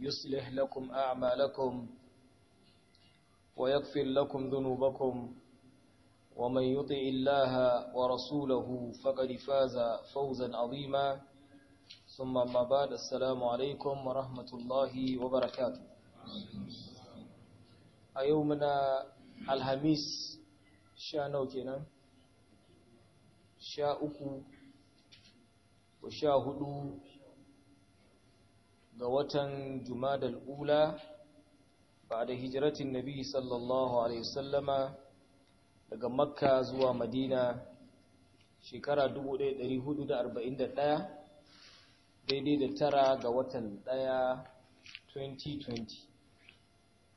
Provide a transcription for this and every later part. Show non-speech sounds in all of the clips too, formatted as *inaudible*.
يصلح لكم أعمالكم ويغفر لكم ذنوبكم ومن يطع الله ورسوله فقد فاز فوزا عظيما ثم ما بعد السلام عليكم ورحمة الله وبركاته أيومنا الهميس شانو كنا شاء أكو وشاء هدو ga watan jumadal ula ba da hijiratin nabi sallallahu alaihi wasallama daga makka zuwa madina shekara 1441 daidai da tara ga watan ɗaya 2020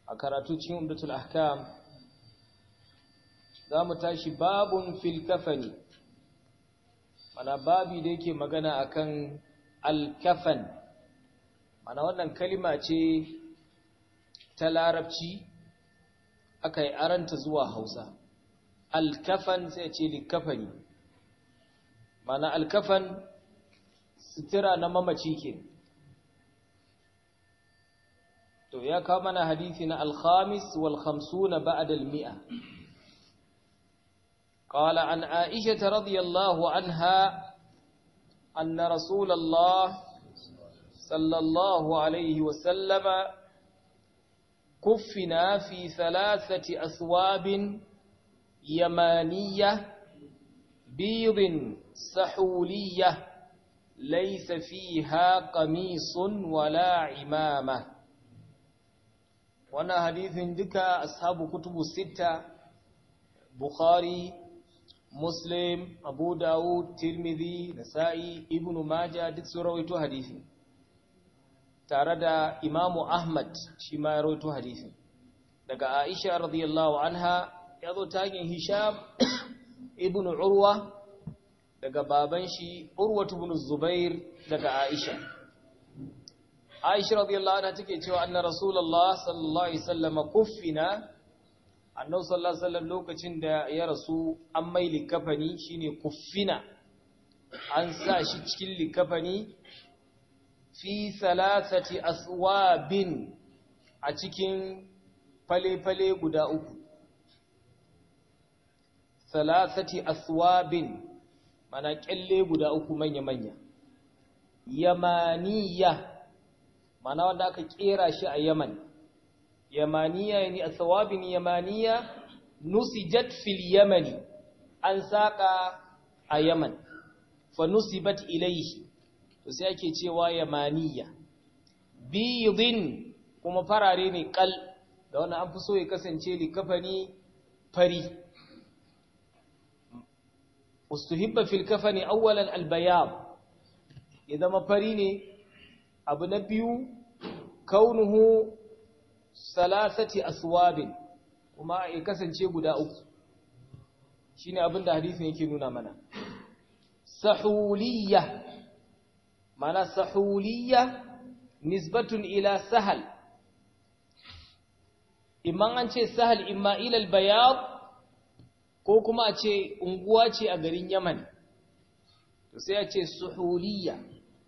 a karatu cikin umdatul ahkam za mu tashi babun filkafani kafani mana babi da yake magana akan alkafan mana wannan kalima ce ta larabci aka yi aranta zuwa hausa alkafan sai ce likafani mana alkafan sutura na mamaci ke to ya kawo mana hadithi na alkhamis wal khamsuna ba'da al mi'a قال عن عائشة رضي الله عنها أن رسول الله صلى الله عليه وسلم كفنا في ثلاثة أثواب يمانية بيض سحولية ليس فيها قميص ولا عمامة وانا حديث عندك أصحاب كتب الستة بخاري مسلم أبو داود ترمذي نسائي ابن ماجه دكسوره ويتو حديثي tare da imamu ahmad shi ma ya roto hadisin daga aisha radiyallahu anha ya zo tagin hisham *coughs* ibn urwa daga baban shi urwatu ibn zubair daga aisha aisha radiyallahu anha take cewa anna rasulullah sallallahu alaihi wasallam kuffina annabi sallallahu alaihi wasallam lokacin da ya rasu an mai likafani shine kuffina an sa shi cikin likafani fi salasati aswabin a cikin fale-fale guda uku salasati aswabin mana kyalle guda uku manya-manya yamaniya mana wanda aka kera shi a yaman yamaniya a tsawabin yamaniya nusijat fil yamani an saƙa a yaman fa nusibat ilayhi to sai ake cewa yamaniya bidin kuma farare ne kal da wannan an fi so ya kasance likafani fari ustuhibba fil kafani awwalan albayad ya zama fari ne abu na biyu kaunuhu salasati aswabin kuma ya kasance guda uku shine abin da hadisin yake nuna mana sahuliyya mana sahuliyya nisbatun ila sahal imman an ce sahal imma ilal bayad ko kuma a ce unguwa ce a garin yaman to sai a ce suhuliyya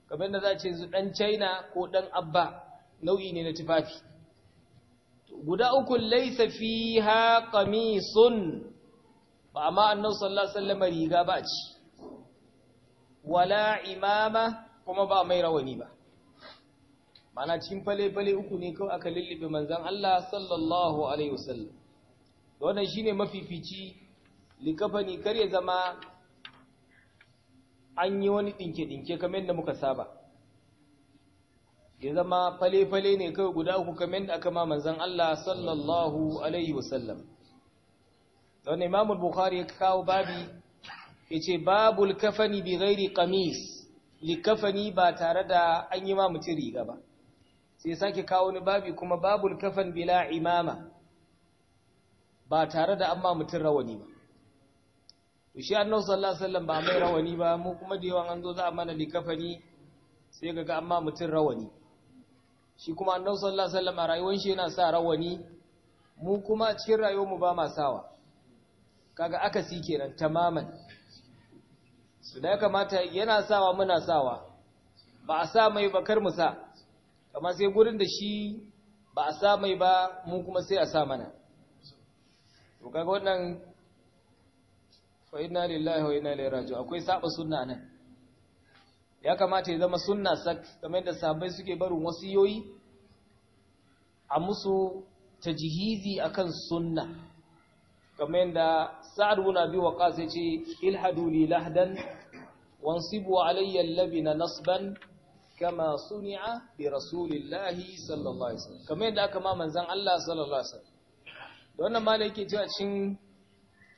kamar da za a ce dan china ko dan abba nau'i ne na tufafi guda uku laisa fiha qamisun ba amma annabi sallallahu alaihi wasallam riga ba ci wala imama kuma ba mai rawani ba mana cikin fale-fale uku ne kawai aka lullube manzan Allah sallallahu alaihi wasallam wannan shine mafifici likafani kar ya zama an yi wani dinke-dinke kamar yadda muka saba ya zama fale-fale ne kawai guda uku kamar yadda aka ma manzan Allah sallallahu alaihi wasallam wannan Imam Bukhari ya kawo babi yace babul kafani bi ghairi qamis likafani ba tare da an yi ma mutum riga ba sai sake kawo ni babi kuma babul kafan bila imama ba tare da an ma mutum rawani ba to shi annabi sallallahu alaihi wasallam ba mai rawani ba mu kuma da yawan an zo za a mana likafani sai ga an ma mutum rawani shi kuma annabi sallallahu alaihi wasallam a rayuwar shi yana sa rawani mu kuma cikin rayuwar mu ba ma sawa kaga akasi kenan tamaman da ya kamata yana sawa muna sawa ba a sa mai ba kar mu sa kamar sai gurin da shi ba a sa mai ba mu kuma sai a sa mana to kaga wannan fa inna lillahi wa inna ilaihi raji'un akwai saba sunna nan ya kamata ya zama sunna sak kamar da sabai suke barin wasiyoyi a musu tajhizi akan sunna kamar yadda sa'ad bin abi waqas yace ilhadu li lahdan wansibu alayya labina nasban kama suni'a bi rasulillahi sallallahu alaihi wasallam kamar yadda aka ma manzon Allah sallallahu alaihi wasallam da wannan malai yake cewa cin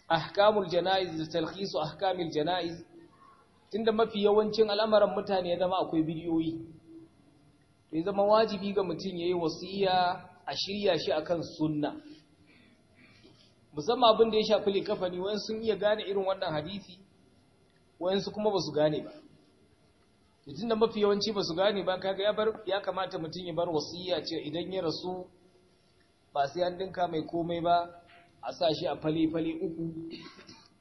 ahkamul janaiz da talhisu ahkamil janaiz tunda mafi yawancin al'amuran mutane ya zama akwai bidiyoyi ya zama wajibi ga mutum yayi wasiya a shirya shi akan sunna musamman abin da ya shafi likafani wani sun iya gane irin wannan hadisi wayansu kuma ba gane ba Mutum da mafi yawanci basu gane ba kaga ya kamata mutum ya bar wasiya ce idan ya rasu ba sai an dinka mai komai ba a sa shi a fale-fale uku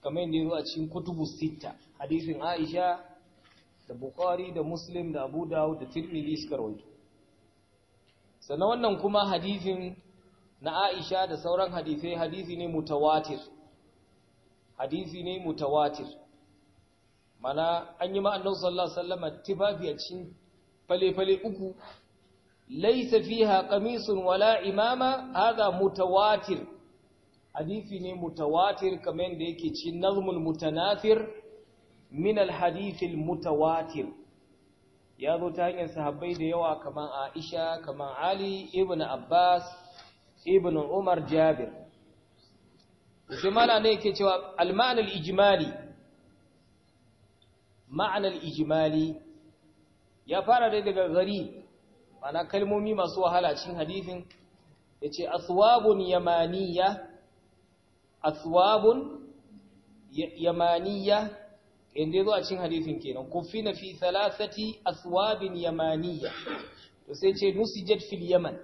kamar yadda zuwa cikin kutubu sita hadisin aisha da bukhari da muslim da abu dawud da tirmidhi suka rawaito sannan wannan kuma hadisin na Aisha da sauran hadisai hadisi ne mutawatir hadisi ne mutawatir mana an yi ma'annan sallallahu sallama tibabi a fale-fale uku laisa fiha qamisun wala imama hadha mutawatir hadisi ne mutawatir kamar yadda yake cikin nazmul mutanafir min al mutawatir ya zo ta hanyar sahabbai da yawa kamar Aisha kamar Ali ibn Abbas ibn Umar Jabir mana ne yake cewa al-ma'anal ijmali ma'anal ijmali ya fara dai daga gari mana kalmomi masu wahala cikin hadithin yace aswabun yamaniya aswabun yamaniya inda zo a cikin hadisin kenan kufina fi thalathati aswabin yamaniya to sai ce nusijat fil yaman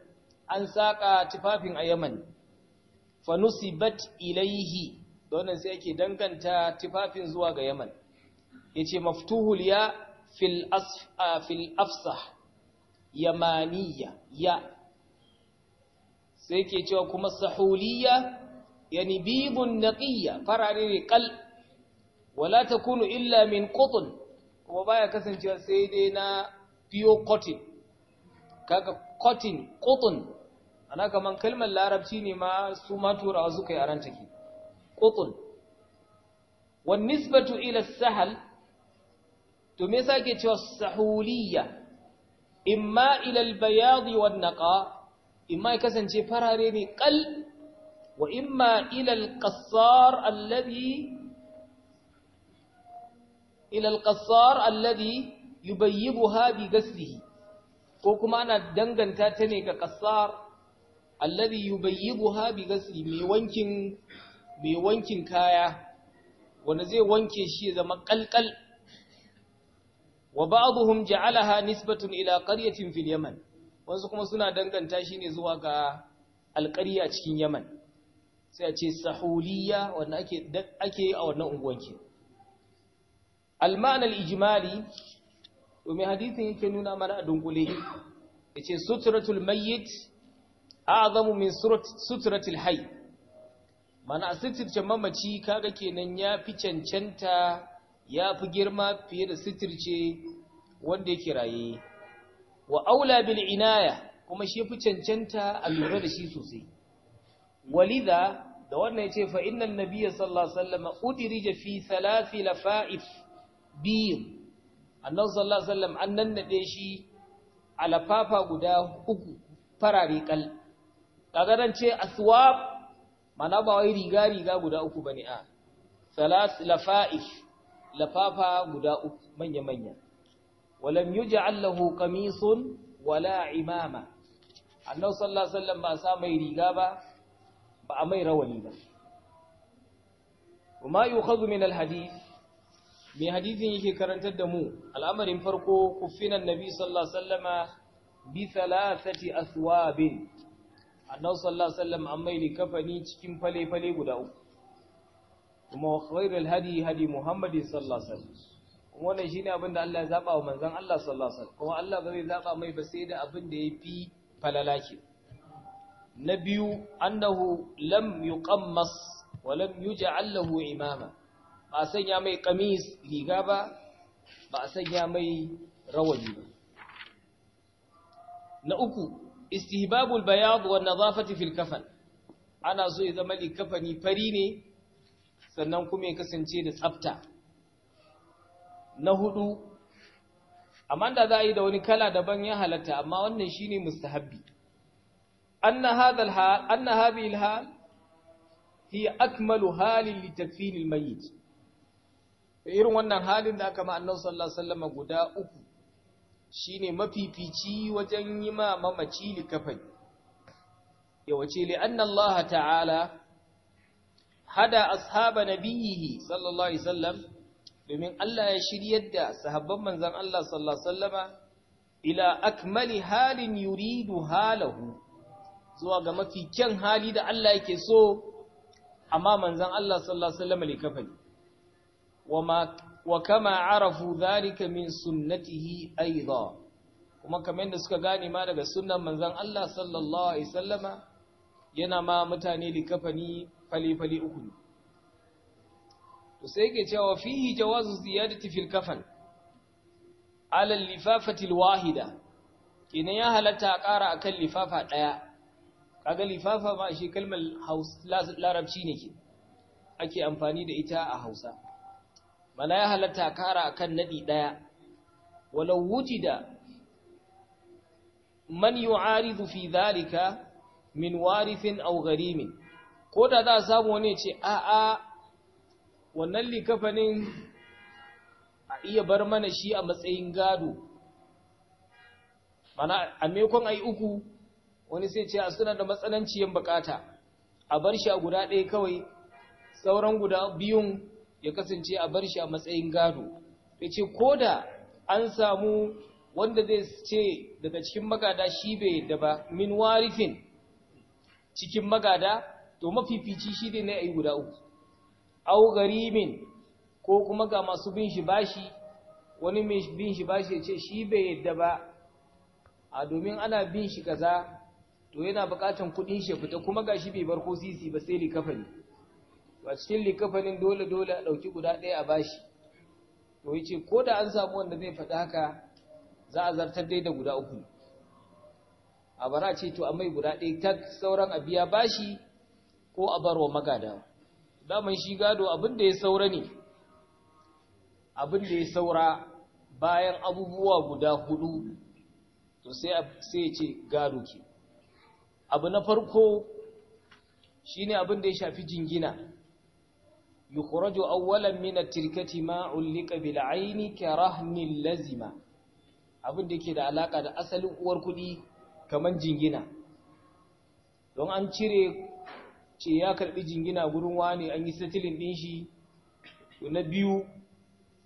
an saƙa tufafin a yaman fanusibat ilaihi wannan sai ake danganta tufafin zuwa ga yaman ya ce maftuhul ya fil yamaniya ya sai ke cewa kuma sahuliya yani bibun naƙiyya farare ne ƙal wala ta kunu illa min ƙutun, kuma baya kasancewa sai dai na biyo ƙotin, kaga ƙotin ƙutun ana kaman kalmar larabci ne ma su ma turawa suka yi aran take qutul wan nisbatu ila sahal to me sake cewa sahuliyya imma ila al-bayad naqa imma ya kasance farare ne ƙal wa imma ila al alladhi ila al alladhi yubayyibuha bi gaslihi ko kuma ana danganta ta ne ga ƙasar. alladhi yubayyiduha bi ghasli mai wankin mai wankin kaya wanda zai wanke shi ya zama kalkal wa ba'dhum ja'alaha nisbatun ila qaryatin fil yaman wasu kuma suna danganta shi ne zuwa ga alƙarya cikin yaman sai a ce sahuliya wanda ake ake a wannan unguwanki al-ma'na al-ijmali domin hadisin yake nuna mana a dunkule yace sutratul mayyit a'zamu min suturatil hayy mana sitirce mamaci kaga kenan ya fi cancanta ya fi girma fiye da sitirce wanda yake raye wa aula bil inaya kuma shi fi cancanta a lura da shi sosai walida da wannan yace fa innan nabiyya sallallahu alaihi wasallam udirija fi thalathi lafa'if biyu annabi sallallahu alaihi wasallam an nannade shi a lafafa guda uku farare kal kaga nan ce aswab mana ba wai riga riga guda uku bane a salas lafa'if lafafa guda uku manya manya walam yuj'al lahu qamisun wala imama annabi sallallahu alaihi wasallam ba sa mai riga ba ba a mai rawani ba kuma yukhadhu min alhadith mai hadithin yake karantar da mu al'amarin farko kuffinan nabi sallallahu alaihi wasallama bi thalathati aswabin annabi sallallahu alaihi wasallam an mai likafani cikin fale-fale guda uku kuma khairul hadi hadi muhammadin sallallahu alaihi wasallam kuma wannan shine abin da Allah ya zaba wa manzon Allah sallallahu alaihi wasallam kuma Allah ba zai zaba mai ba sai da abin da yafi falalaki na biyu annahu lam yuqammas wa lam yuj'al lahu imama ba sanya mai kamis riga ba ba sanya mai rawani ba na uku istihbabul bayad wa nadhafati fil kafan ana so ya zama likafani fari ne sannan kuma ya kasance da tsafta na hudu amma da za a yi da wani kala daban ya halatta amma wannan shine mustahabbi anna hadha al-hal anna hadhihi hal hi akmalu halin litakfinil mayyit irin wannan halin da aka ma annabi sallallahu alaihi wasallam guda uku shine mafifici wajen yi ma mamaci likafani yawace li anna Allah ta'ala hada ashaba nabiyhi sallallahu alaihi sallam, domin Allah ya shirya da sahabban manzan Allah sallallahu alaihi ila akmali halin yuridu halahu zuwa ga mafi kyan hali da Allah yake so amma manzan Allah sallallahu alaihi wasallama likafani wama وكما arafu ذلك من سنته أيضا kuma kamar da suka gane ma daga sunan manzon Allah sallallahu alaihi yana ma mutane likafani fali-fali uku ne to sai yake cewa fihi jawazu ziyadati fil kafan ala lifafati wahida kina ya halatta a ƙara akan lifafa ɗaya kaga lifafa ma shi kalmar larabci ne ake amfani da ita a Hausa mana ya halatta kara akan nadi daya walau wujida man yu'aridu fi dhalika min warithin aw ko da za a samu wani ce a a wannan likafanin a iya bar mana shi a matsayin gado mana a mekon ai uku wani sai ce a suna da matsananciyar bukata a bar shi a guda ɗaya kawai sauran guda biyun ya kasance a bar shi a matsayin gado ya ce ko da an samu wanda zai ce daga cikin magada shi bai yadda ba min warifin cikin magada to mafifici shi ne na yi guda uku au garimin ko kuma ga masu bin shi bashi wani mai bin shi bashi ya ce shi bai yadda ba a domin ana bin shi kaza to yana bukatan kudin shi fita kuma ga shi bai bar ko sisi ba sai likafani a cikin likafanin dole dole a ɗauki guda ɗaya a bashi to ce ko da an samu wanda zai faɗi haka za a zartar dai da guda uku a bara ce to mai guda ɗaya ta sauran a biya bashi ko a bar wa magada daman shi gado abin da ya saura ne abin da ya saura bayan abubuwa guda hudu to sai ya ce gado ke abu na farko shine abin da ya shafi jingina yukhraju awwalan min at-tilkati ma ulika bil aini karahni lazima abin da yake da alaka da asalin uwar kudi kaman jingina don an cire ce ya karbi jingina gurin wani an yi satilin din shi na biyu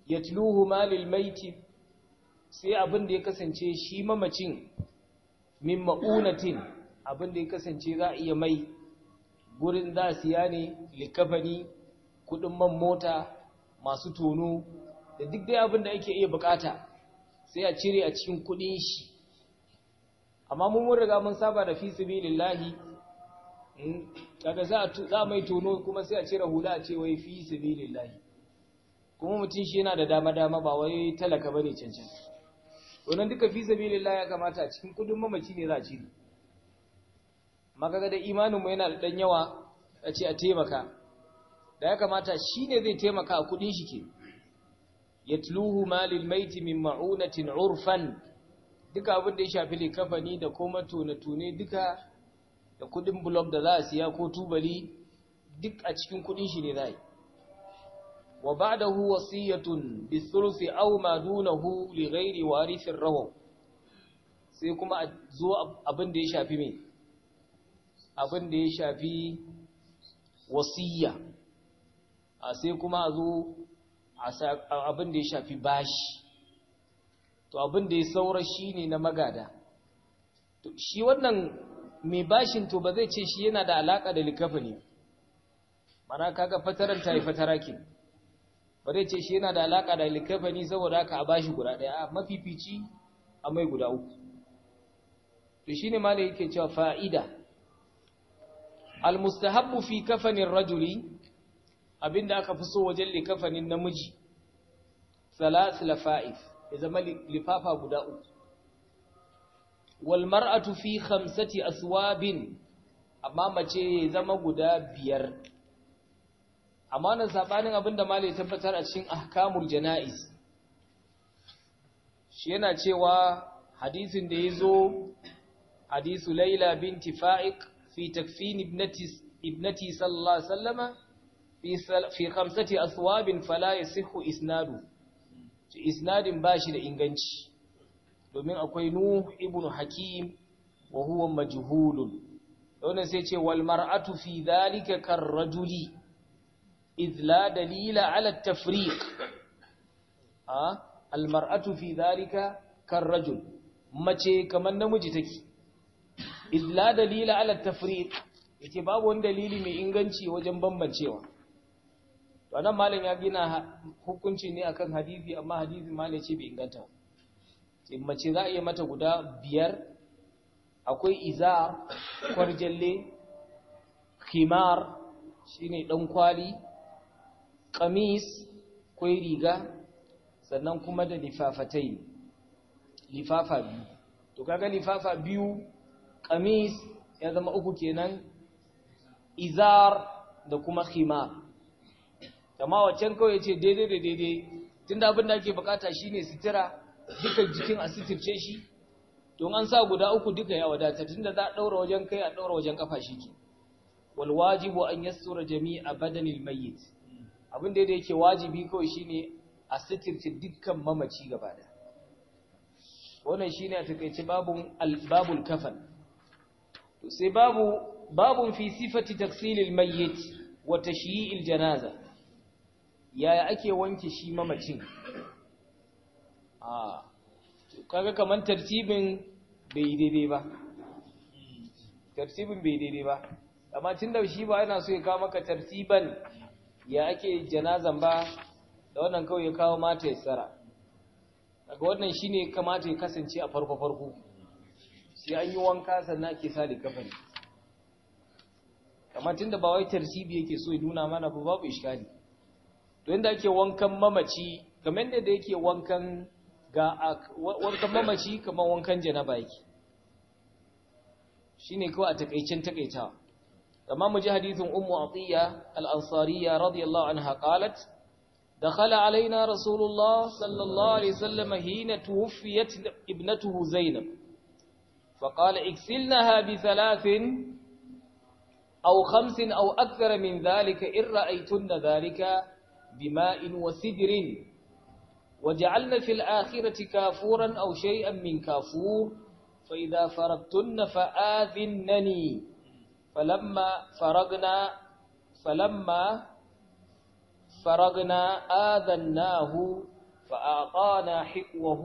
yatluhu malil maiti sai abin da ya kasance shi mamacin min ma'unatin abin da ya kasance za a iya mai gurin za siya ne likafani kudin man mota masu tono da duk dai abin da ake iya bukata sai a cire a cikin kudin shi amma mun mun riga mun saba da fi sabilillahi hmm, kaga za a za mai tono kuma sai a cire hula a ce wai fi sabilillahi kuma mutum shi yana da dama dama ba wai talaka bane cancan to duka fi sabilillahi ya kamata a cikin kudin mamaci ne za a cire maka ga da imanin mu yana da dan yawa a ce a taimaka da ya kamata shi ne zai taimaka a kudin shi ke yatluhu malil maiti min ma'unatin urfan duka abin da ya shafi likafani da kuma tone-tone duka da kudin blog da za a siya ko tubali duk a cikin kudin shi ne zai wa ba da ba'dahu wasiyatun bisulusi au ma hu li wa warithin rahon? sai kuma a zo abin da ya shafi mai abin ya shafi wasiyya a sai kuma a zo abin da ya shafi bashi to abin da ya saura shi ne na magada to shi wannan mai bashin to ba zai ce shi yana da alaƙa da likafa ne mana kaga fataran ta yi fatara ke ba zai ce shi yana da alaƙa da likafa ne saboda haka a bashi guda ɗaya a mafifici a mai guda uku to shi ne ma da yake cewa fa'ida al-mustahabbu fi kafanin rajuli abinda aka fi so wajen likafanin namiji salas lafa'if ya zama lifafa guda uku wal fi khamsati aswabin amma mace ya zama guda biyar amma nan sabanin abinda ya tabbatar a cikin ahkamul janaiz shi yana cewa hadisin da zo hadisu laila binti fa'iq fi takfin ibnati ibnati sallallahu alaihi wasallama fi khamsati aswabin fala yasihu isnadu isnadin bashi da inganci domin akwai nuh ibnu hakim wa huwa majhulun wannan sai ce wal mar'atu fi dhalika kar rajuli iz la dalila ala tafriq ha al mar'atu fi dhalika kar rajul mace kamar namiji take iz la dalila ala tafriq yace babu wani dalili mai inganci wajen bambancewa to anan malam ya gina hukunci ne akan hadisi amma hadisi malam ce bai inganta ba eh, mace za a yi mata guda biyar akwai izar kwarjalle khimar shine dan kwali kamis akwai riga sannan kuma da lifafatai lifafa biyu to kaga lifafa biyu kamis ya zama uku kenan izar da kuma khimar amma waccan kawai ce daidai da daidai da abin da ake bukata shine sitira duka jikin a sitirce shi don an sa guda uku duka ya wadata da za a daura wajen kai a daura wajen kafa shi ke wal wajibu an yassura jami'a badanil mayyit abin da yake wajibi kawai shine a sitirce dukkan mamaci gaba da wannan shine a takaice babun albabul kafan to sai babu babun fi sifati taksilil mayyit wa tashyi'il janaza yaya ake wanke shi mamacin ah, kaga kamar tartibin bai daidai ba tartibin bai daidai ba amma tun da shi ba yana so ya kawo maka tartiban ya ake janazan ba da wannan kawai ya kawo mata ya tsara daga wannan shi ne kamata ya kasance a farko-farko sai an yi wanka sannan ake sa da kafa ne kamar tun da ba wai tartibi yake so ya nuna mana ba babu iskali to inda ake wankan mamaci kamar yadda da yake wankan ga wankan mamaci kamar wankan janaba yake shine kawai a takaicin takaitawa كما مجي حديث أم عطية الأنصارية رضي الله عنها قالت دخل علينا رسول الله صلى الله عليه وسلم حين توفيت ابنته زينب فقال اكسلنها بثلاث أو خمس أو أكثر من ذلك إن رأيتن ذلك بماء وسدر وجعلنا في الآخرة كافورا أو شيئا من كافور فإذا فرغتن فآذنني فلما فرغنا فلما فرغنا آذناه فأعطانا حقوه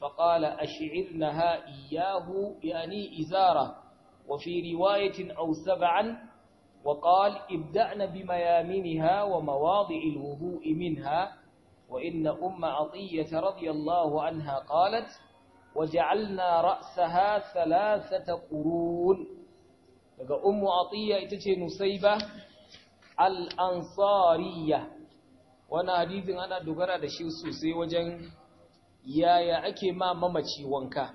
فقال أشعرنها إياه يعني إزارة وفي رواية أو سبعا وقال ابدعنا بميامنها ومواضع الوضوء منها وإن أم عطية رضي الله عنها قالت وجعلنا رأسها ثلاثة قرون أم عطية إتشي نصيبة الأنصارية وانا حديث ana دقرة دشيو سوسي وجن يا يا أكي ما ممتشي وانكا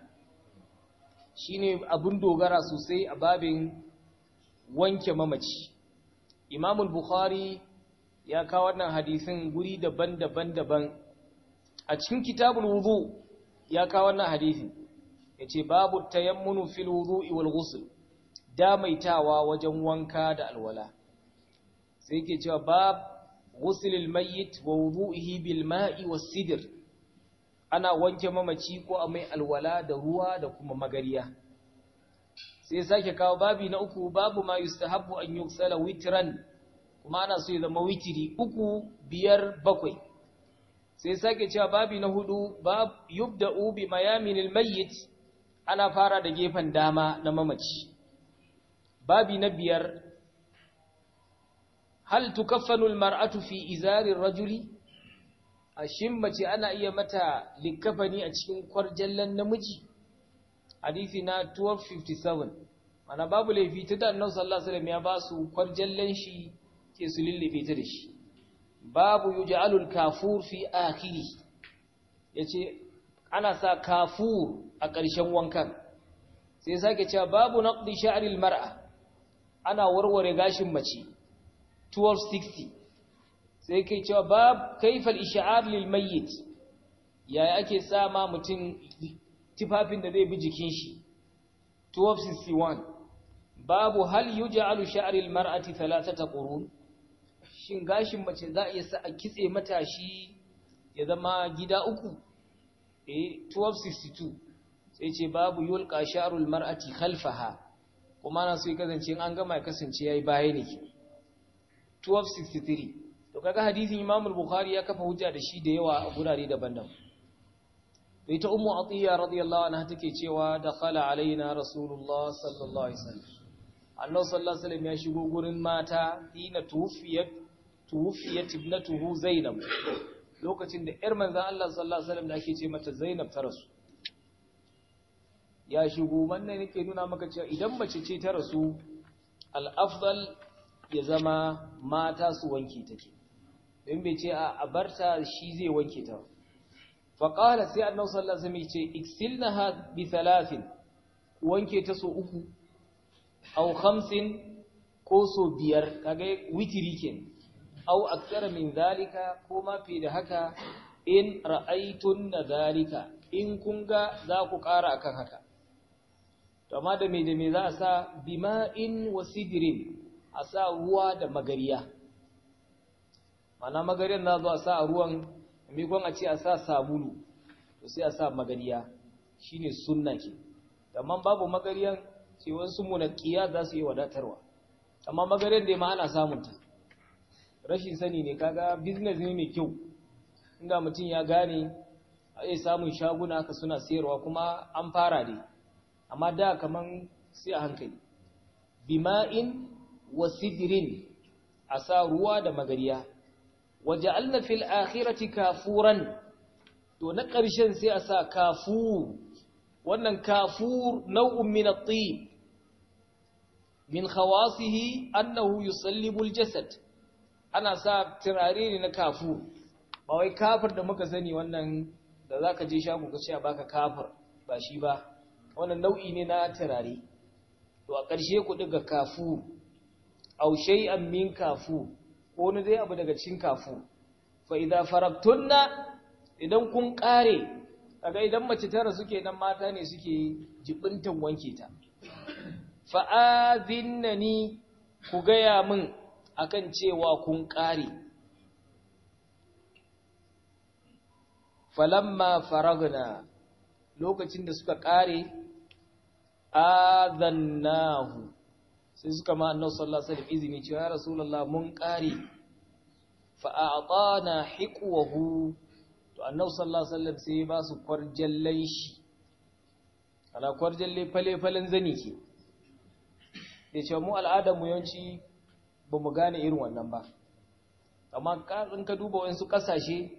شيني أبندو غرا سوسي أبابين wanke mamaci imamul bukhari ya kawo wannan hadisin guri daban-daban daban a cikin kitabul wudu ya kawo wannan hadisi yace babu tayammunu fil wudu'i wal ghusl damaitawa wajen wanka da alwala sai yake cewa bab ghusl mayyit wa wudu'ihi bil ma'i was sidr ana wanke mamaci ko a mai alwala da ruwa da kuma magariya sai sake kawo babi na uku babu ma yustahabbu an yuksala witran kuma ana so ya zama witiri uku biyar bakwai sai sake cewa babi na hudu bab yubda'u bi mayaminil mayyit ana fara da gefen dama na mamaci babi na biyar hal kafanul mar'atu fi izarir rajuli A shin mace ana iya mata likafani a cikin kwarjallan namiji hadisi na 1257 mana babu laifi ta da annabi sallallahu alaihi wasallam ya ba su kwarjan lanshi ke su lillife ta da shi babu yuj'alul kafur fi akhiri yace ana sa kafu a ƙarshen wankan sai ya sake cewa babu naqdi sha'ril mar'a ana warware gashin mace 1260 sai kai cewa bab kaifal isha'ar lil mayyit yaya ake sa ma mutum tufafin da zai bi jikin shi 1261 babu hal yuj'alu sha'ril mar'ati thalathata qurun shin gashin mace za a iya sa a kitse mata shi ya zama gida uku eh 1262 sai ce babu yulqa sha'rul mar'ati khalfaha kuma na so ya kasance an gama ya kasance yayi baya ne 1263 to kaga hadisin Imam al-Bukhari ya kafa hujja da shi da yawa a gurare daban-daban ita ummu atiya radiyallahu anha take cewa da dakhala alaina rasulullah sallallahu alaihi wasallam annabi sallallahu alaihi wasallam ya shigo gurin mata hina tuwfiyat tuwfiyat ibnatuhu zainab lokacin da yar manzon Allah sallallahu alaihi wasallam da ake ce mata zainab ta rasu ya shigo wannan nake nuna maka cewa idan mace ce ta rasu al-afdal ya zama mata su wanke take in bai ce a abarta shi zai wanke ta ba Faƙara sai annabi sallallahu alaihi wasallam ce iksilnaha bi thalathin wanke ta so uku au hamsin, ko so biyar kaga witiri kenan au akthara min zalika ko ma fi da haka in ra'aytun zalika in kun ga za ku ƙara akan haka to amma da me da me za a sa bima'in wasidirin a sa ruwa da magarya, mana magariyar na zo a sa ruwan maimakon a ce a sa sabulu to sai a sa magariya shine suna ke amma babu magariyan ce, wasu munaqiya za su yi wadatarwa amma magariyan da ya ana samunta, rashin sani ne kaga biznes ne mai kyau inda mutum ya gane yi samun shaguna haka suna sayarwa kuma an fara ne amma da kamar sai a hankali bima'in wa a sa ruwa da magariya وجعلنا في الآخرة كافورا دون قرشا سيأسا كافور وأن كافور نوع من الطيب من خواصه أنه يصلب الجسد أنا ساب ترارين كافور باوي كافر دا مكا زني وأن دا ذاك جيشاك وكشا باك كافر باشيبا وأن نوع إننا تراري وقرشيك دا كافور أو شيئا من كافور wani zai abu daga cikin kafu fa idza idan kun kare kaga idan mace tara suke dan mata ne suke jibintan wanke ta fa azinnani ku gaya min akan cewa kun kare falamma faragna lokacin da suka kare azannahu sai suka ma annabi sallallahu alaihi wasallam izini cewa ya rasulullah mun kare fa a'tana hiqwahu to annabi sallallahu alaihi wasallam sai ba su kwarjallan shi ala kwarjalle fale falen zani ke ya ce mu al'adar mu yanci ba mu gane irin wannan ba amma in ka duba wasu kasashe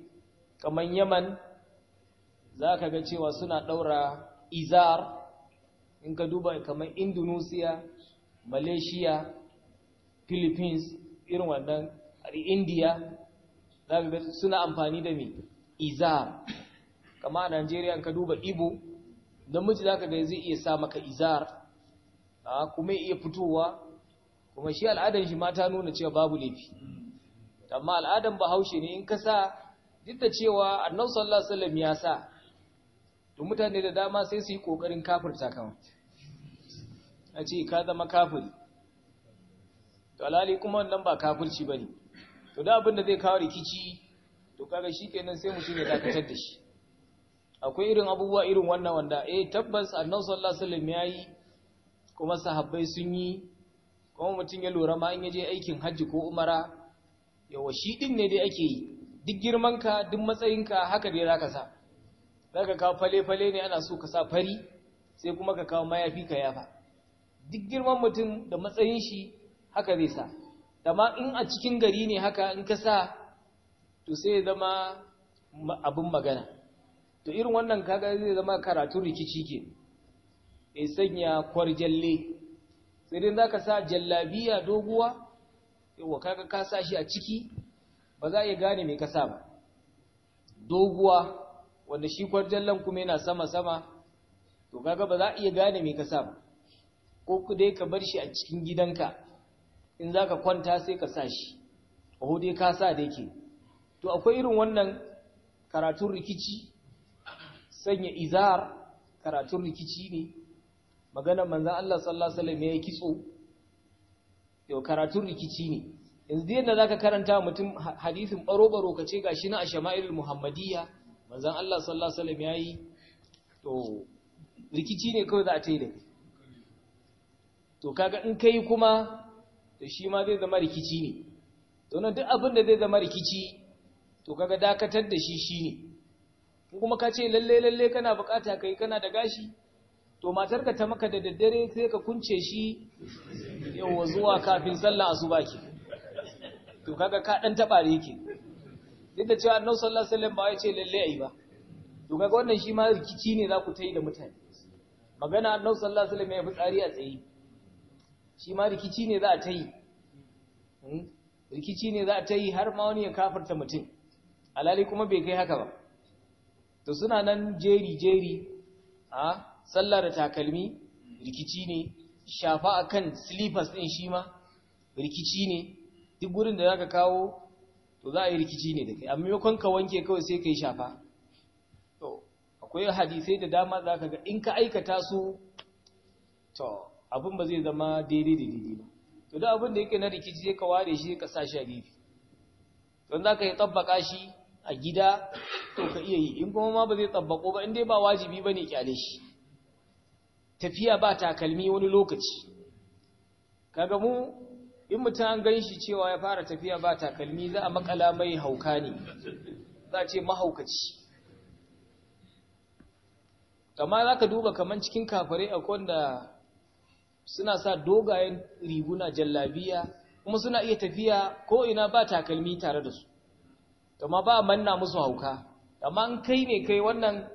kamar yaman za ka ga cewa suna ɗaura izar in ka duba kamar indonesia malaysia philippines irin wannan india za ga suna amfani da mai izar kama a nigeria ka duba ibo namiji za ka ga zai iya sa maka izar kuma iya fitowa kuma shi al'adar shi mata nuna cewa babu laifi amma al'adar bahaushe ne in ka sa duk da cewa annan sallallahu alaihi ya sa to mutane da dama sai su yi kokarin kafirta kan a ce ka zama kafiri to alali kuma wannan ba kafirci ba ne to da abin da zai kawo rikici to kaga shi kenan sai mu shine dakatar da shi akwai irin abubuwa irin wannan wanda eh tabbas annabi sallallahu alaihi wasallam yayi kuma sahabbai sun yi kuma mutum ya lura ma in yaje aikin hajji ko umara yawa shi din ne dai ake yi duk girmanka duk matsayinka haka dai zaka sa zaka kawo fale fale ne ana so ka sa fari sai kuma ka kawo mayafi ka yafa duk girman mutum da matsayin shi haka zai sa dama in a cikin gari ne haka in ka sa to sai ya zama abin magana to irin wannan kaga zai zama karatun rikici ke ya sanya kwarjalle sai dai za ka sa jallabiya doguwa yawa kaga ka sa shi a ciki ba za a iya gane mai kasa ba doguwa wanda shi kwarjallen kuma yana sama-sama to kaga ba za a iya gane mai kasa ba ko ku dai ka bar shi a cikin gidanka in za ka kwanta sai ka sa shi ko dai ka sa dai ke to akwai irin wannan karatun rikici sanya izar karatun rikici ne magana manzan Allah sallallahu alaihi wasallam ya kitso yau karatun rikici ne yanzu da yadda ka karanta mutum hadisin ka ce ga shi na ashama'ilul muhammadiyya manzan Allah sallallahu alaihi wasallam yi. to rikici ne kawai za a yi da ke to kaga in kai kuma to shi ma zai zama rikici ne to nan duk abin da zai zama rikici to kaga dakatar da shi shine kuma ka ce lalle lalle kana bukata kai kana da gashi to matar ka ta maka da daddare sai ka kunce shi yawa zuwa kafin sallah asuba ke to kaga ka dan tabare yake duk da cewa annabi sallallahu alaihi wasallam ba ya ce lalle ai ba to kaga wannan shi ma rikici ne za ku ta yi da mutane magana annabi sallallahu alaihi wasallam ya fi tsari a tsaye shi ma rikici ne za a ta yi hmm? rikici ne za a ta yi har ma wani ya kafarta mutum alali kuma bai kai haka ba to suna nan jeri-jeri a sallah da takalmi rikici ne shafa a kan slippers ɗin shi ma rikici ne duk gurin da za ka kawo to za a yi rikici ne da kai amma maimakon ka wanke kawai sai ka yi shafa to akwai hadisai da dama za ka ga in ka aikata su to abin ba zai zama daidai da daidai ba to da abin da yake na rikici sai ka ware shi ka sa shi a gefe don za ka yi tsabbaka shi a gida to ka iya yi in kuma ma ba zai tsabbako ba in dai ba wajibi ba ne kyale shi tafiya ba takalmi wani lokaci kaga mu in mutum an gan shi cewa ya fara tafiya ba takalmi za a makala mai hauka ne za ce mahaukaci amma za ka duba kamar cikin kafare a wanda suna sa dogayen riguna jallabiya kuma suna iya tafiya ko ina ba takalmi tare da su kuma ba manna musu hauka amma an kai ne kai wannan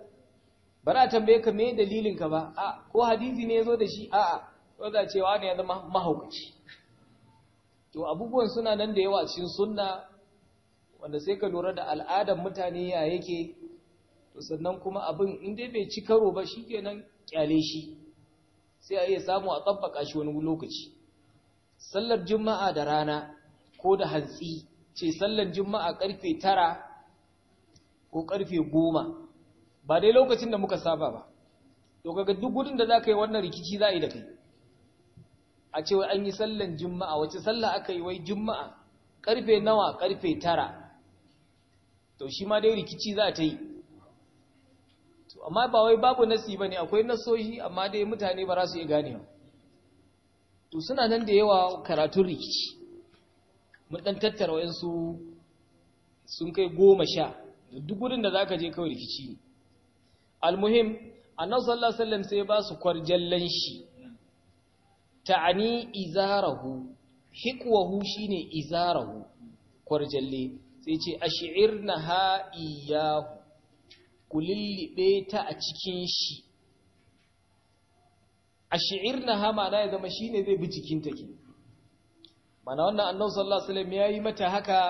ba za tambaye ka me dalilin ka ba a ko hadisi ne yazo da shi a a to da cewa ne ya zama mahaukaci to abubuwan suna nan da yawa cikin sunna wanda sai ka lura da al'adar mutane ya yake to sannan kuma abin in dai bai ci karo ba shi kenan kyale shi sai a iya samu a tsabbaka shi wani lokaci sallar juma'a da rana ko da hantsi ce sallar juma'a karfe tara ko karfe goma ba dai lokacin da muka saba ba to kaga duk gudun da za ka yi wannan rikici za a yi da kai a ce wai an yi sallar juma'a wace sallar aka yi wai juma'a karfe nawa karfe tara to shi ma dai rikici za ta yi amma ba wai babu nasi ba ne, akwai nasoshi amma dai mutane ba za su iya ba. to suna nan da yawa karatun rikici mun ɗan tattara wayansu sun kai goma sha duk wurin da za ka je kawai rikici ne almuhim a nan alaihi sai ba su kwarjallan shi ta'ani izarahu shi ne izarahu kwarjalle sai ce ash'irnaha iyahu ku lullube ta a cikin shi a shi'ir na hama na ya zama shi ne zai bi jikinta ke mana wannan annan sallallahu alaihi ya yi mata haka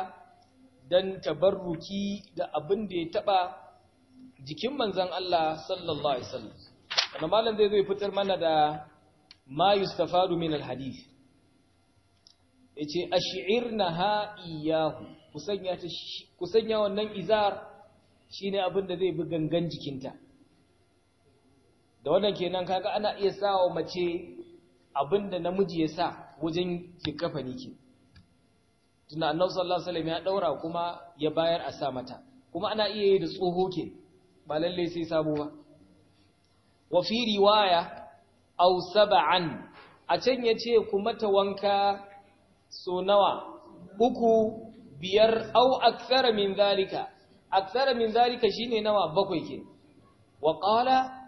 don tabarruki da abin da ya taba jikin manzan Allah sallallahu alaihi wasallam wannan malam zai zai fitar mana da ma yustafadu min alhadith yace ash'irnaha iyahu kusanya ta wannan izar shine abin da zai bi gangan jikinta da wannan kenan kaga ana iya sawa mace abin da namiji ya sa wajen likafani ke tunda annabi sallallahu alaihi wasallam ya daura kuma ya bayar a sa mata kuma ana iya yi da tsoho ke ba lalle sai sabo ba wa fi riwaya aw sab'an a can yace ku mata wanka so nawa uku biyar au akthara min zalika aksara zarika zalika shine nawa bakwai ke wa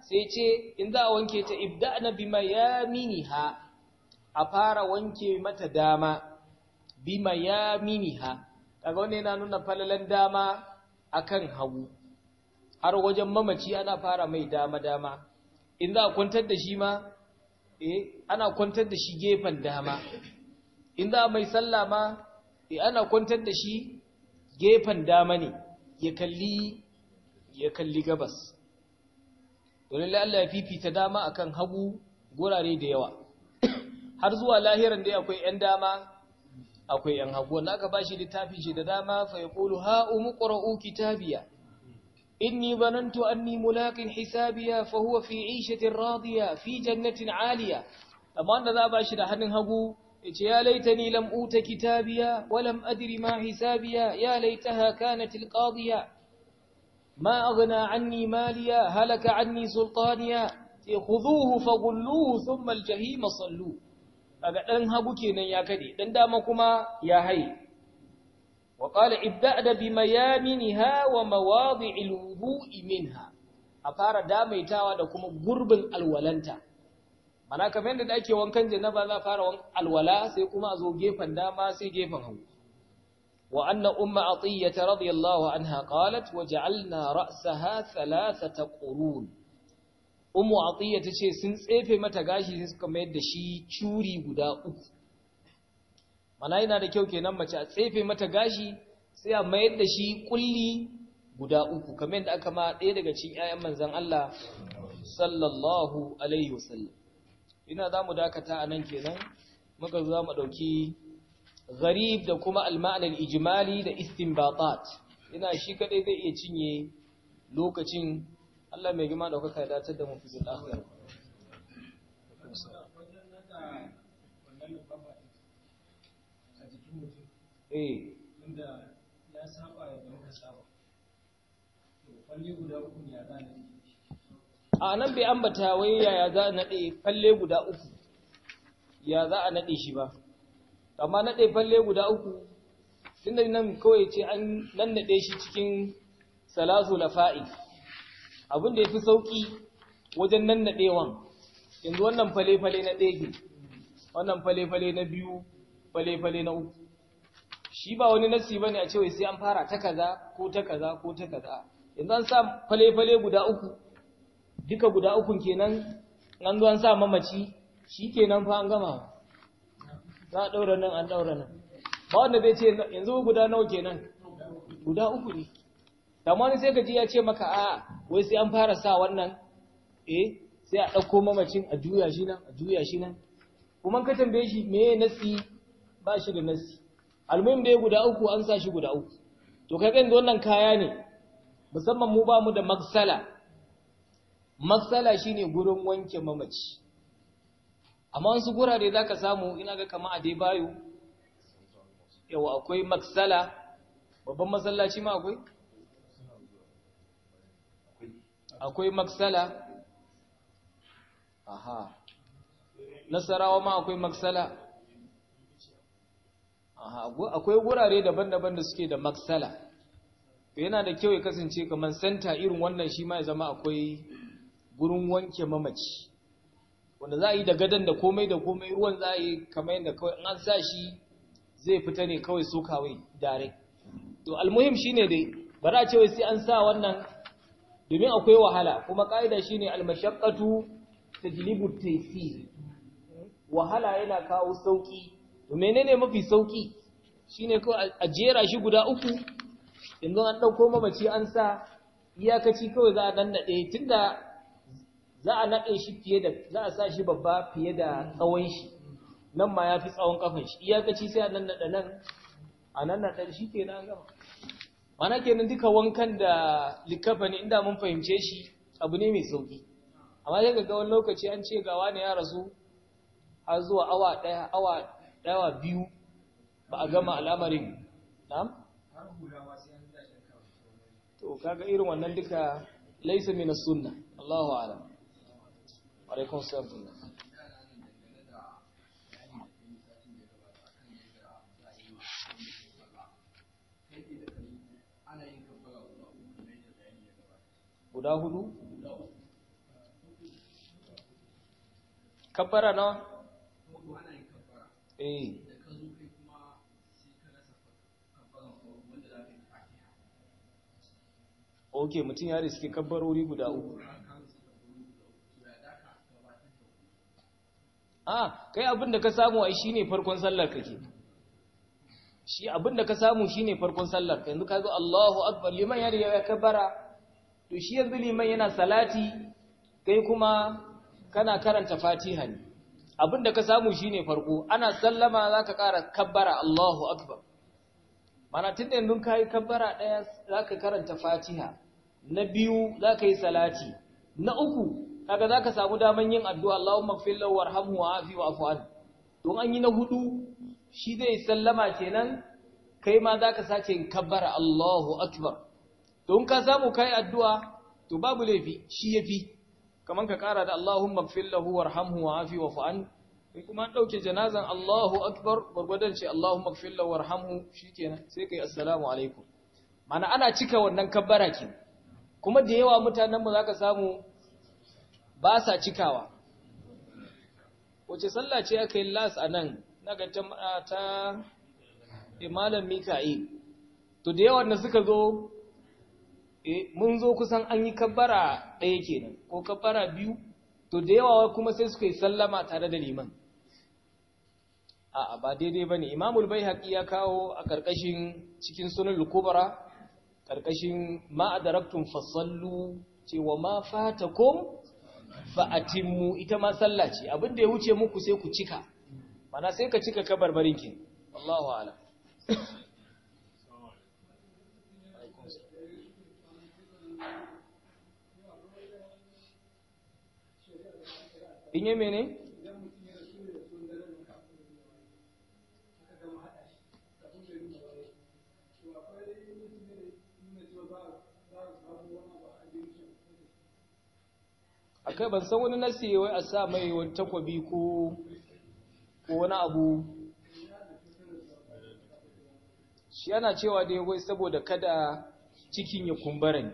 sai ce in za a wanke ta ibda'na bimayaminiha a fara wanke mata dama bimayaminiha kaga wannan yana nuna falalan dama akan hagu har wajen mamaci ana fara mai dama dama in za a kwantar da shi ma eh ana kwantar da shi gefen dama in za a mai sallah ma eh ana kwantar da shi gefen dama ne ya kalli ya kalli gabas domin Allah ya fifita dama akan hagu gurare da yawa *coughs* har zuwa lahiran dai akwai ‘yan dama akwai ‘yan hagu wanda aka bashi littafin shi da dama fa ya ha ha'umu ƙura'u kitabiya inni banantu anni mulaƙin hisabiya fa huwa fi ishatin radiya fi jannatin aliya amma wanda za ba bashi da hannun hagu يا ليتني لم أوت كتابيا ولم أدر ما حسابيا يا ليتها كانت القاضية ما أغنى عني ماليا هلك عني سلطانيا خذوه فغلوه ثم الجحيم صلوه kaga dan hagu kenan ya kade dan dama kuma ya haye wa qala ibda'da bimayaminha wa mawadi'il wudu'i minha a fara damaitawa da kuma gurbin alwalanta ana kamar yadda ake wankan janaba za fara alwala sai kuma a zo gefen dama sai gefen hagu wa anna umma atiyya radiyallahu anha qalat waja'alna ra'saha thalathata qurun ummu ta ce, sun tsefe mata gashi sai suka mayar da shi curi guda uku mana yana da kyau kenan mace a tsefe mata gashi sai a mayar da shi kulli guda uku kamar yadda aka ma ɗaya daga cikin 'ya'yan manzon Allah sallallahu alaihi wasallam ina za mu dakata a nan kenan muka za mu ɗauki gharib da kuma alma'anar ijimali da istinbatat ina shi kadai zai iya cinye lokacin Allah mai gima da kuka datar da mu zuɗa eh. guda uku ne a a nan bai ambata wai yaya za a naɗe falle guda uku ya za a naɗe shi ba amma naɗe falle guda uku tun da nan kawai ce an nan naɗe shi cikin salasu fa'i, abin da ya fi sauƙi wajen nan naɗewan yanzu wannan fale-fale na ɗaya wannan fale-fale na biyu fale-fale na uku shi ba wani nasi ba ne a cewa sai an fara ta kaza ko ta kaza ko ta kaza yanzu an sa fale-fale guda uku duka guda ukun kenan an zuwan sa mamaci shi kenan fa an gama za a ɗaura nan an ɗaura nan ba wanda zai ce yanzu guda nawa kenan guda uku ne tamani sai ka ji ya ce maka a wai sai an fara sa wannan eh sai a ɗauko mamacin a juya shi nan a juya shi nan kuma ka tambaye shi me nasi ba shi da nasi almuhim da ya guda uku an sa shi guda uku to kai kan wannan kaya ne musamman mu ba mu da maksala matsala shine gurin wanke mamaci amma wasu gurare ka samu ina ga kama a dai bayo yau akwai matsala babban masallaci ma akwai akwai matsala aha nasarawa ma akwai matsala aha akwai gurare daban-daban da suke da maksala yana da kyau ya kasance kamar santa irin wannan shi ma ya zama akwai gurin wanke mamaci wanda za a yi da gadon da komai da komai ruwan za a yi kamar yadda kawai an sa shi zai fita ne kawai so kawai dare to almuhim shine dai za a ce wai sai an sa wannan domin akwai wahala kuma ka'ida shine almashaqqatu tajlibu taysir wahala yana kawo sauki to menene mafi sauki shine kawai a jera shi guda uku yanzu an dauko mamaci an sa iyakaci kawai za a nannaɗe tunda za a naɗe shi fiye da za a sa shi babba fiye da tsawon shi nan ma ya fi tsawon kafin shi iyakaci sai a nan naɗa nan a nan naɗa shi ke nan gama mana kenan duka wankan da likafa ne inda mun fahimce shi abu ne mai sauki amma sai ga wani lokaci an ce gawa ne ya rasu har zuwa awa ɗaya awa ɗaya biyu ba a gama al'amarin na'am to kaga irin wannan duka laisa min sunna Allahu a'lam guda hudu kabbara na eh ok mutum ya riske kabbarori guda uku a kai abin da ka samu ai shine farkon sallar kake shi abin da ka samu shine farkon sallar ka yanzu ka zo Allahu akbar liman ya riga ya kabara to shi yanzu liman yana salati kai kuma kana karanta Fatiha ne abin da ka samu shine farko ana sallama za ka kara kabara Allahu akbar mana tun da yanzu ka yi kabara ɗaya za ka karanta Fatiha na biyu za ka yi salati na uku kaga zaka samu daman yin addu'a Allahumma ighfir lahu warhamhu wa'afi wa anhu don an yi na hudu shi zai sallama kenan kai ma zaka sake kabbara Allahu akbar don ka samu kai addu'a to babu laifi shi yafi kaman ka kara da Allahumma ighfir lahu warhamhu wa'afi wa anhu kai kuma an dauke janazan Allahu akbar gurgudan ce Allahumma ighfir lahu warhamhu shikenan sai kai assalamu alaikum mana ana cika wannan kabbara kenan kuma da yawa mutanenmu za ka samu ba sa cikawa wace sallah ce aka yi las a nan na ga ta imalan eh, mika'i to da yawan da suka zo eh, mun zo kusan an yi kabbara ɗaya kenan ko kabbara biyu to da yawa kuma sai suka yi sallama tare da liman a'a ba daidai ba ne imamul bai haƙi ya kawo a ƙarƙashin cikin sunan lukubara ƙarƙashin ma'adaraktun fasallu cewa ma fata kom timu ita ma sallah ce abin da ya wuce muku sai ku cika mana sai ka cika kabar barinkin, Allahu in yi mene? kai ban san wani nasi wai a sa mai wani takwabi ko wani abu shi yana cewa dai wai saboda kada cikin ya kumbara ne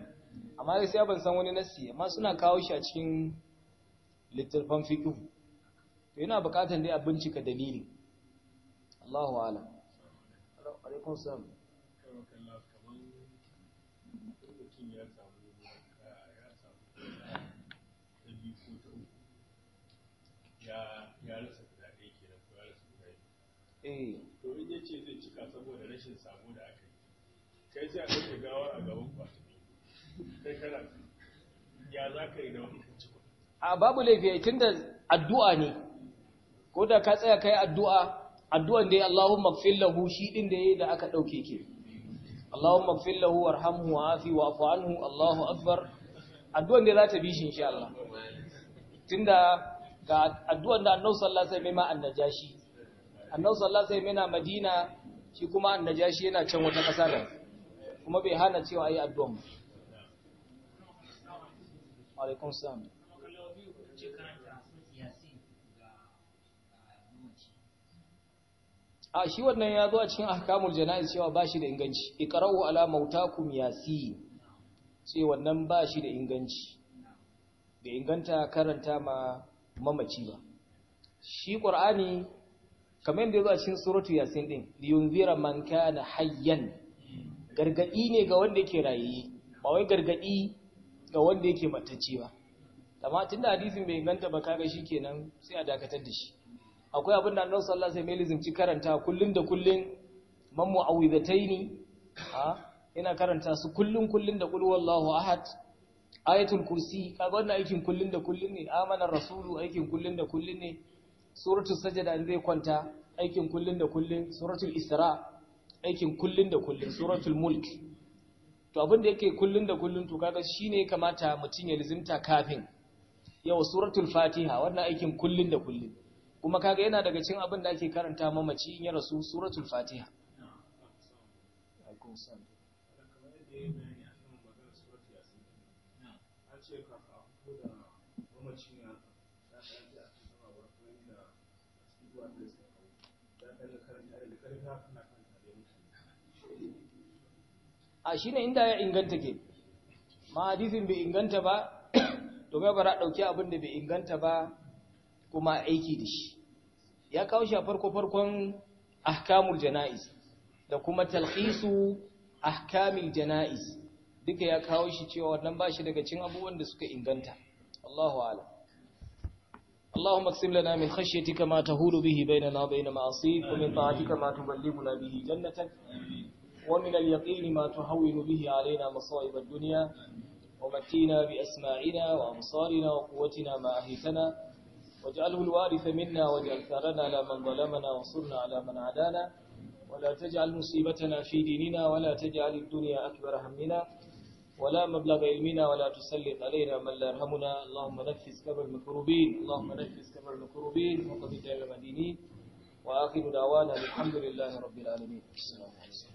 amma sai ban san wani nasi amma suna kawo shi a cikin littattafan fiqh to yana buƙatar dai a bincika dalili Allahu a'lam alaikum salam ya rasa guda ɗaya ke da ko ya rasa guda biyu. Eh. To in ya ce zai cika saboda rashin sabo da aka yi. Kai sai aka ɗauke gawar a gaban kwatami. Kai kana ya za ka yi da wannan ciko. A babu laifi tunda addu'a ne. Ko da ka tsaya kai addu'a addu'an dai Allahumma gfir lahu shi din da yayi da aka ɗauke ke. Allahumma gfir lahu warhamhu wa afi wa afu anhu Allahu akbar. Addu'an dai za ta bi shi insha Allah. Tunda ga addu'ar da annau sallah sai wasallam ma annajashi annau sallah sai wasallam na Madina shi kuma annajashi yana can wata ƙasa da kuma bai hana cewa ayi addu'an ba a shi wannan ya zo a cikin ahkamul jana'iz cewa ba shi da inganci iqra'u ala mautakum yasi sai wannan ba shi da inganci Da inganta karanta ma mamaci ba shi qur'ani kamar yadda yazo a cikin suratu yasin din liyunzira man kana hayyan gargadi ne ga wanda yake rayi ba wai gargadi ga wanda yake matacce ba amma tunda hadisin bai inganta ba kaga kenan sai a dakatar da shi akwai abin da Annabi sallallahu alaihi wasallam ci karanta kullun da kullun man mu'awwidhataini ha ina karanta su kullun kullun da qul wallahu ahad ayatul kursi kaga wannan aikin kullun da kullun ne amanar rasulu aikin kullun da kullun ne suratul sajada in zai kwanta aikin kullun da kullun suratul isra aikin kullun da kullun suratul mulk to abin da yake kullun da kullun to kaga shine kamata mutun ya lizimta kafin yawa suratul fatiha wannan aikin kullun da kullun kuma kaga yana daga cikin abin da ake karanta mamaci in ya rasu suratul fatiha a shi ne inda ya inganta ke ma hadisin bai inganta ba *coughs* to ba bara ɗauki abin da bai inganta ba kuma aiki da shi ya kawo shi a farko-farkon ahkamul jana'iz da kuma talhisu ahkamul jana'iz duka ya kawo shi cewa wannan ba shi daga cin abubuwan da suka inganta Allahu ala Allahumma qsim lana min khashyatika ma tahulu bihi bainana wa bain ma'asiyik wa min ta'atika ma tuballighuna bihi jannatan wa min al-yaqini ma tuhawwinu bihi alayna masa'ib ad-dunya wa matina bi asma'ina wa amsalina wa quwwatina ma ahitana واجعله الوارث منا واجعل ثارنا على من ظلمنا وانصرنا على من عادانا ولا تجعل مصيبتنا في ديننا ولا تجعل الدنيا أكبر همنا هم ولا مبلغ علمنا ولا تسلط علينا من لا يرحمنا اللهم نفس كبر المكروبين اللهم نفس كبر المكروبين وقضي دائما المدينين وآخر دعوانا الحمد لله رب العالمين السلام عليكم